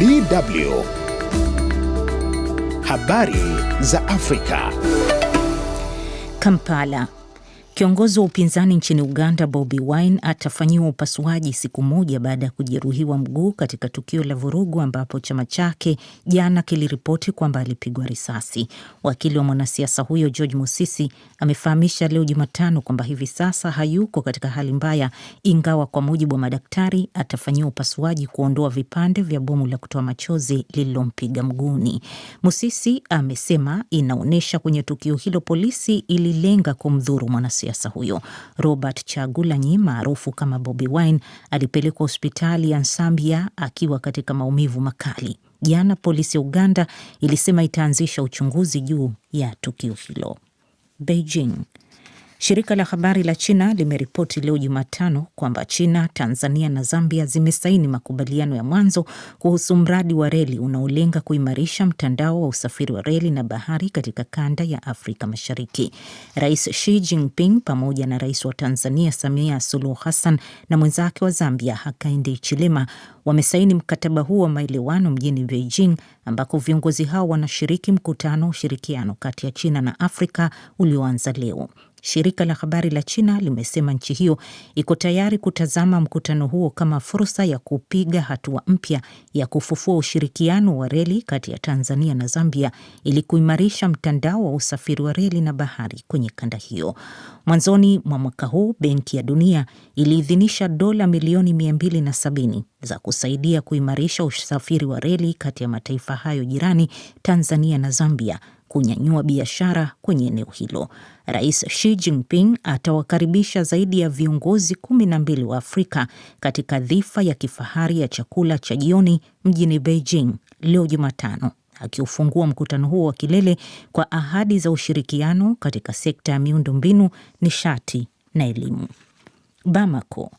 DW. Habari za Afrika. Kampala. Kiongozi wa upinzani nchini Uganda Bobi Wine atafanyiwa upasuaji siku moja baada ya kujeruhiwa mguu katika tukio la vurugu ambapo chama chake jana kiliripoti kwamba alipigwa risasi. Wakili wa mwanasiasa huyo George Musisi amefahamisha leo Jumatano kwamba hivi sasa hayuko katika hali mbaya, ingawa kwa mujibu wa madaktari atafanyiwa upasuaji kuondoa vipande vya bomu la kutoa machozi lililompiga mguuni. Musisi amesema inaonyesha kwenye tukio hilo polisi ililenga kumdhuru mwanasiasa mwanasiasa huyo. Robert Chagulanyi maarufu kama Bobi Wine alipelekwa hospitali ya Nsambia akiwa katika maumivu makali. Jana polisi ya Uganda ilisema itaanzisha uchunguzi juu ya tukio hilo. Beijing Shirika la habari la China limeripoti leo Jumatano kwamba China, Tanzania na Zambia zimesaini makubaliano ya mwanzo kuhusu mradi wa reli unaolenga kuimarisha mtandao wa usafiri wa reli na bahari katika kanda ya Afrika Mashariki. Rais Xi Jinping pamoja na rais wa Tanzania Samia Suluhu Hassan na mwenzake wa Zambia Hakainde Hichilema wamesaini mkataba huo wa maelewano mjini Beijing ambako viongozi hao wanashiriki mkutano wa ushirikiano kati ya China na Afrika ulioanza leo. Shirika la habari la China limesema nchi hiyo iko tayari kutazama mkutano huo kama fursa ya kupiga hatua mpya ya kufufua ushirikiano wa reli kati ya Tanzania na Zambia ili kuimarisha mtandao wa usafiri wa reli na bahari kwenye kanda hiyo. Mwanzoni mwa mwaka huu, Benki ya Dunia iliidhinisha dola milioni 270 za kusaidia kuimarisha usafiri wa reli kati ya mataifa mataifa hayo jirani Tanzania na Zambia kunyanyua biashara kwenye eneo hilo. Rais Xi Jinping atawakaribisha zaidi ya viongozi kumi na mbili wa Afrika katika dhifa ya kifahari ya chakula cha jioni mjini Beijing leo Jumatano, akiufungua mkutano huo wa kilele kwa ahadi za ushirikiano katika sekta ya miundo mbinu nishati na elimu. Bamako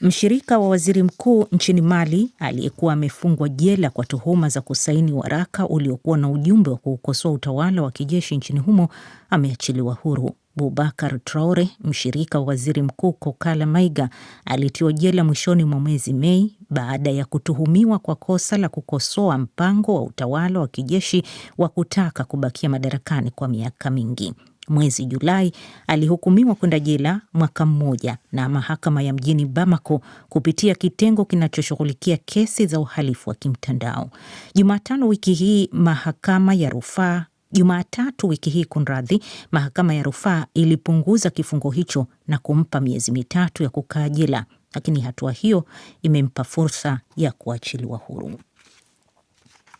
mshirika wa waziri mkuu nchini Mali aliyekuwa amefungwa jela kwa tuhuma za kusaini waraka uliokuwa na ujumbe wa kuukosoa utawala wa kijeshi nchini humo ameachiliwa huru. Bubakar Traore, mshirika wa waziri mkuu Kokala Maiga, alitiwa jela mwishoni mwa mwezi Mei baada ya kutuhumiwa kwa kosa la kukosoa mpango wa utawala wa kijeshi wa kutaka kubakia madarakani kwa miaka mingi mwezi Julai alihukumiwa kwenda jela mwaka mmoja na mahakama ya mjini Bamako kupitia kitengo kinachoshughulikia kesi za uhalifu wa kimtandao. Jumatano wiki hii mahakama ya rufaa Jumatatu wiki hii kunradhi, mahakama ya rufaa ilipunguza kifungo hicho na kumpa miezi mitatu ya kukaa jela, lakini hatua hiyo imempa fursa ya kuachiliwa huru.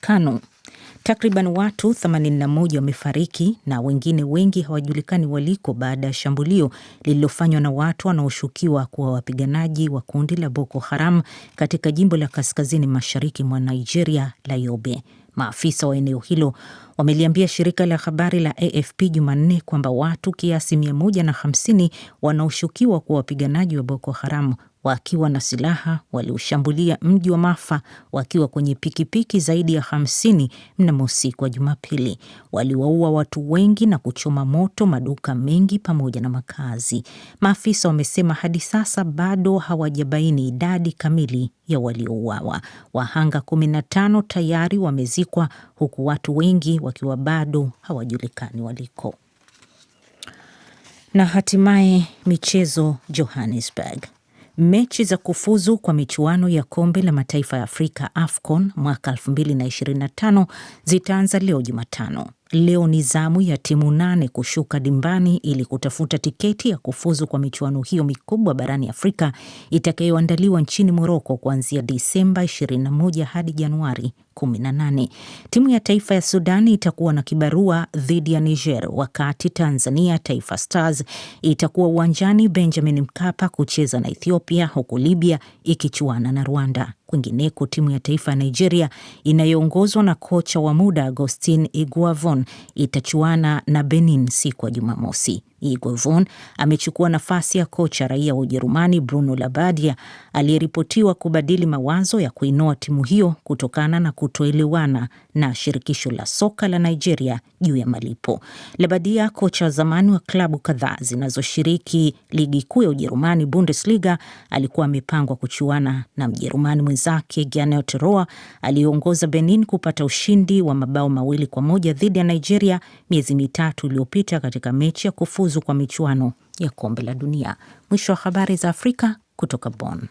Kanu Takriban watu 81 wamefariki na wengine wengi hawajulikani waliko baada ya shambulio lililofanywa na watu wanaoshukiwa kuwa wapiganaji wa kundi la Boko Haram katika jimbo la kaskazini mashariki mwa Nigeria la Yobe. Maafisa wa eneo hilo wameliambia shirika la habari la AFP Jumanne kwamba watu kiasi 150 wanaoshukiwa kuwa wapiganaji wa Boko Haram wakiwa na silaha waliushambulia mji wa Mafa wakiwa kwenye pikipiki zaidi ya hamsini mnamo usiku wa Jumapili. Waliwaua watu wengi na kuchoma moto maduka mengi pamoja na makazi. Maafisa wamesema hadi sasa bado hawajabaini idadi kamili ya waliouawa. Wahanga 15 tayari wamezikwa huku watu wengi wakiwa bado hawajulikani waliko. Na hatimaye michezo Johannesburg. Mechi za kufuzu kwa michuano ya kombe la mataifa ya Afrika AFCON mwaka 2025 zitaanza leo Jumatano. Leo ni zamu ya timu nane kushuka dimbani ili kutafuta tiketi ya kufuzu kwa michuano hiyo mikubwa barani Afrika itakayoandaliwa nchini Moroko kuanzia Disemba 21 hadi Januari 18. Timu ya taifa ya Sudani itakuwa na kibarua dhidi ya Niger, wakati Tanzania Taifa Stars itakuwa uwanjani Benjamin Mkapa kucheza na Ethiopia, huku Libya ikichuana na Rwanda. Kwingineko, timu ya taifa ya Nigeria inayoongozwa na kocha wa muda agostin Iguavon itachuana na Benin siku ya Jumamosi. Von amechukua nafasi ya kocha raia wa Ujerumani Bruno labadia aliyeripotiwa kubadili mawazo ya kuinoa timu hiyo kutokana na kutoelewana na shirikisho la soka la Nigeria juu ya malipo. Labadia, kocha wa zamani wa klabu kadhaa zinazoshiriki ligi kuu ya Ujerumani Bundesliga, alikuwa amepangwa kuchuana na Mjerumani mwenzake Gianot aliyeongoza Benin kupata ushindi wa mabao mawili kwa moja dhidi ya Nigeria miezi mitatu iliyopita katika mechi ya kufuzu kufuzu kwa michuano ya kombe la dunia. Mwisho wa habari za Afrika kutoka Bonn.